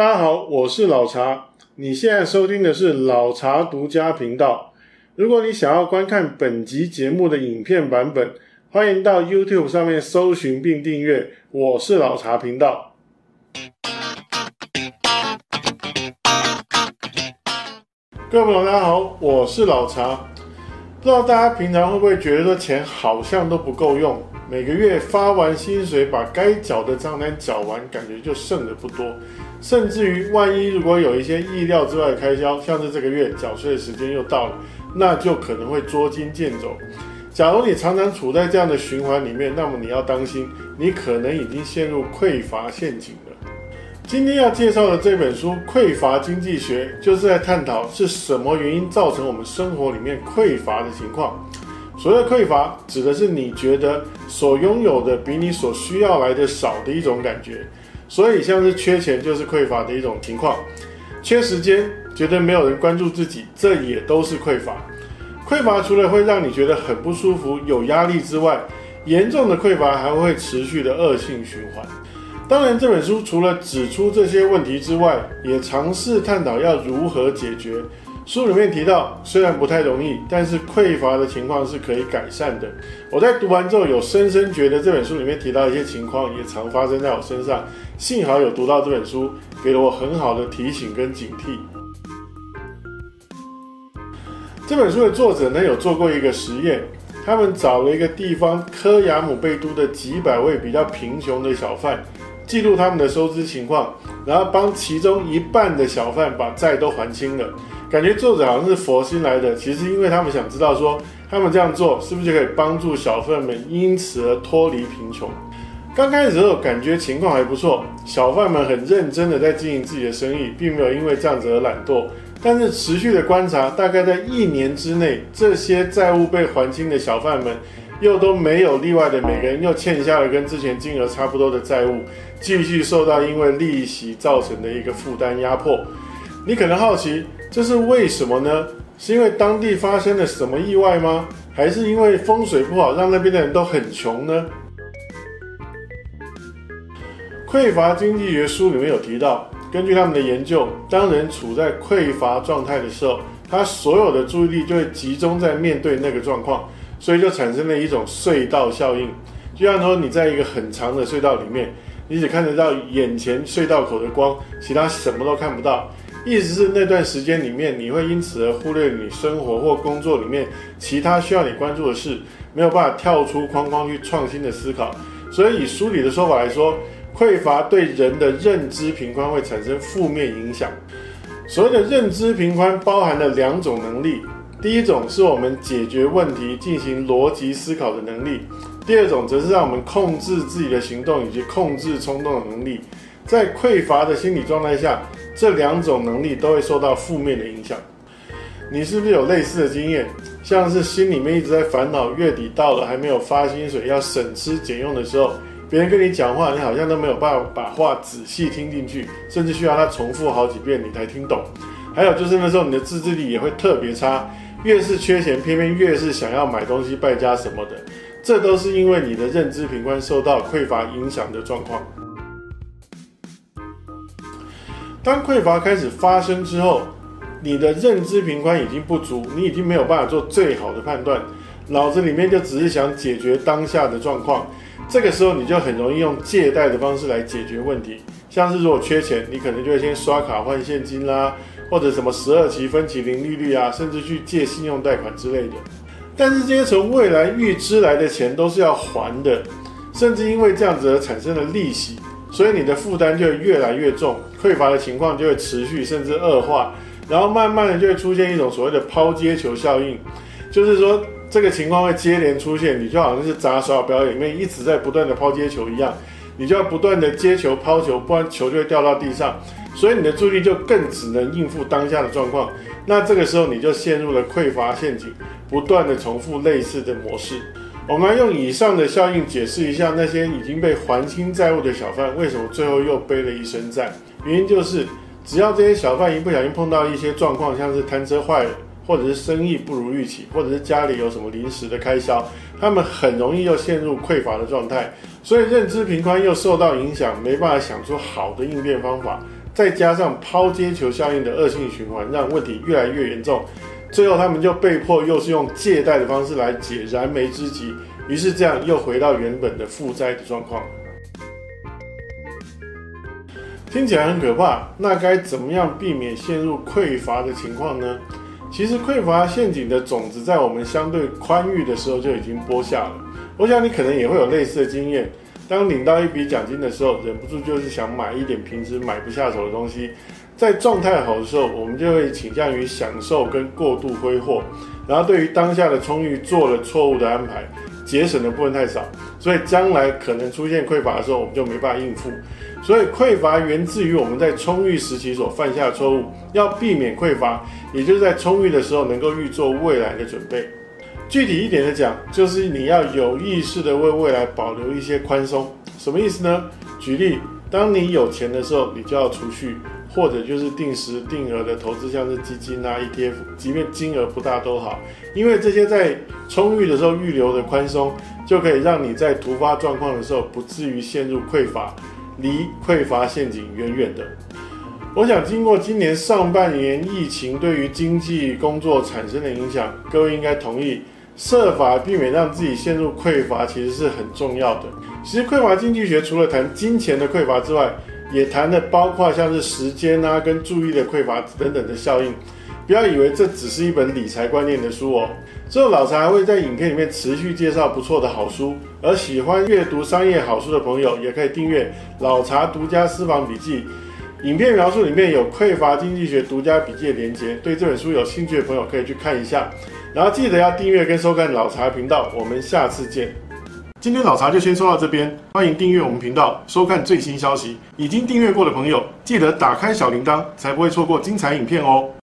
大家好，我是老查。你現在收聽的是老查讀家頻道。如果你想要觀看本集節目的影片版本，歡迎到 YouTube 上面搜尋並訂閱“我是老查頻道”。各位朋友，大家好，我是老查。不知道大家平常會不會覺得說錢好像都不夠用？每個月發完薪水，把該繳的賬單繳完，感覺就剩的不多。甚至於，萬一如果有一些意料之外的開銷，像是這個月繳稅的時間又到了，那就可能會捉襟見肘。假如你常常處在這樣的循環裡面，那麼你要當心，你可能已經陷入匱乏陷阱了。今天要介紹的這本書《匱乏經濟學》，就是在探討是什麼原因造成我們生活裡面匱乏的情況。所謂匱乏，指的是你覺得所擁有的比你所需要來的少的一種感覺。所以，像是缺錢就是匱乏的一種情況，缺時間，覺得沒有人關注自己，這也都是匱乏。匱乏除了會讓你覺得很不舒服、有壓力之外，嚴重的匱乏還會持續的惡性循環。當然，這本書除了指出這些問題之外，也嘗試探討要如何解決。書裡面提到，雖然不太容易，但是匱乏的情況是可以改善的。我在讀完之後，有深深覺得這本書裡面提到的一些情況，也常發生在我身上。幸好有讀到這本書，給了我很好的提醒跟警惕。這本書的作者呢，有做過一個實驗，他們找了一個地方科亞姆貝都的幾百位比較貧窮的小販，記錄他們的收支情況，然後幫其中一半的小販把債都還清了。感覺作者好像是佛心來的，其實因為他們想知道說，他們這樣做是不是就可以幫助小販們因此而脫離貧窮。剛開始的時候感覺情況還不錯，小販們很認真地在經營自己的生意，並沒有因為這樣子而懶惰。但是持續的觀察，大概在一年之內，這些債務被還清的小販們，又都沒有例外的，每個人又欠下了跟之前金額差不多的債務，繼續受到因為利息造成的一個負擔壓迫。你可能好奇。這是為什麼呢？是因為當地發生了什麼意外嗎？還是因為風水不好，讓那邊的人都很窮呢？匱乏經濟學書裡面有提到，根據他們的研究，當人處在匱乏狀態的時候，他所有的注意力就會集中在面對那個狀況，所以就產生了一種隧道效應。就像說，你在一個很長的隧道裡面，你只看得到眼前隧道口的光，其他什麼都看不到。意思是那段時間裡面，你會因此而忽略你生活或工作裡面其他需要你關注的事，沒有辦法跳出框框去創新的思考。所以以書裡的說法來說，匱乏對人的認知頻寬會產生負面影響。所謂的認知頻寬包含了兩種能力，第一種是我們解決問題、進行邏輯思考的能力，第二種則是讓我們控制自己的行動以及控制衝動的能力。在匱乏的心理狀態下。這兩種能力都會受到負面的影響。你是不是有類似的經驗？像是心裡面一直在煩惱，月底到了還沒有發薪水，要省吃儉用的時候，別人跟你講話，你好像都沒有辦法把話仔細聽進去，甚至需要他重複好幾遍你才聽懂。還有就是那時候你的自制力也會特別差，越是缺錢，偏偏越是想要買東西敗家什麼的。這都是因為你的認知頻寬受到匱乏影響的狀況。當匱乏開始發生之後，你的認知頻寬已經不足，你已經沒有辦法做最好的判斷，腦子裡面就只是想解決當下的狀況。這個時候你就很容易用借貸的方式來解決問題，像是如果缺錢，你可能就會先刷卡換現金啦，或者什麼十二期分期零利率啊，甚至去借信用貸款之類的。但是這些從未來預支來的錢都是要還的，甚至因為這樣子而產生了利息，所以你的負擔就越來越重。匱乏的情況就會持續甚至惡化，然後慢慢的就會出現一種所謂的拋接球效應，就是說這個情況會接連出現，你就好像是雜耍表演，因為一直在不斷的拋接球一樣，你就要不斷的接球拋球，不然球就會掉到地上，所以你的注意力就更只能應付當下的狀況，那這個時候你就陷入了匱乏陷阱，不斷的重複類似的模式。我們來用以上的效應解釋一下那些已經被還清債務的小販為什麼最後又背了一身債。原因就是，只要這些小販一不小心碰到一些狀況，像是攤車壞了，或者是生意不如預期，或者是家裡有什麼臨時的開銷，他們很容易又陷入匱乏的狀態，所以認知頻寬又受到影響，沒辦法想出好的應變方法，再加上拋接球效應的惡性循環，讓問題越來越嚴重，最後他們就被迫又是用借貸的方式來解燃眉之急，於是這樣又回到原本的負債的狀況。聽起來很可怕，那該怎麼樣避免陷入匱乏的情況呢？其實匱乏陷阱的種子在我們相對寬裕的時候就已經播下了。我想你可能也會有類似的經驗，當領到一筆獎金的時候，忍不住就是想買一點平時買不下手的東西。在狀態好的時候，我們就會傾向於享受跟過度揮霍，然後對於當下的充裕做了錯誤的安排。節省的部分太少，所以將來可能出現匱乏的時候，我們就沒辦法應付。所以匱乏源自於我們在充裕時期所犯下的錯誤。要避免匱乏，也就是在充裕的時候能夠預做未來的準備。具體一點的講，就是你要有意識的為未來保留一些寬鬆。什麼意思呢？舉例，當你有錢的時候，你就要儲蓄。或者就是定時定額的投資，像是基金啊、ETF，即便金額不大都好，因為這些在充裕的時候預留的寬鬆，就可以讓你在突發狀況的時候不至於陷入匱乏，離匱乏陷阱遠遠的。我想經過今年上半年疫情對於經濟工作產生的影響，各位應該同意，設法避免讓自己陷入匱乏，其實是很重要的。其實匱乏經濟學除了談金錢的匱乏之外，也談的包括像是時間啊跟注意的匱乏等等的效應，不要以為這只是一本理財觀念的書哦。之後老茶還會在影片裡面持續介紹不錯的好書，而喜歡閱讀商業好書的朋友也可以訂閱老茶獨家私房筆記。影片描述裡面有匱乏經濟學獨家筆記的鏈接，對這本書有興趣的朋友可以去看一下。然後記得要訂閱跟收看老茶頻道，我們下次見。今天老查就先說到這邊，歡迎訂閱我們頻道收看最新消息。已經訂閱過的朋友，記得打開小鈴鐺，才不會錯過精彩影片哦。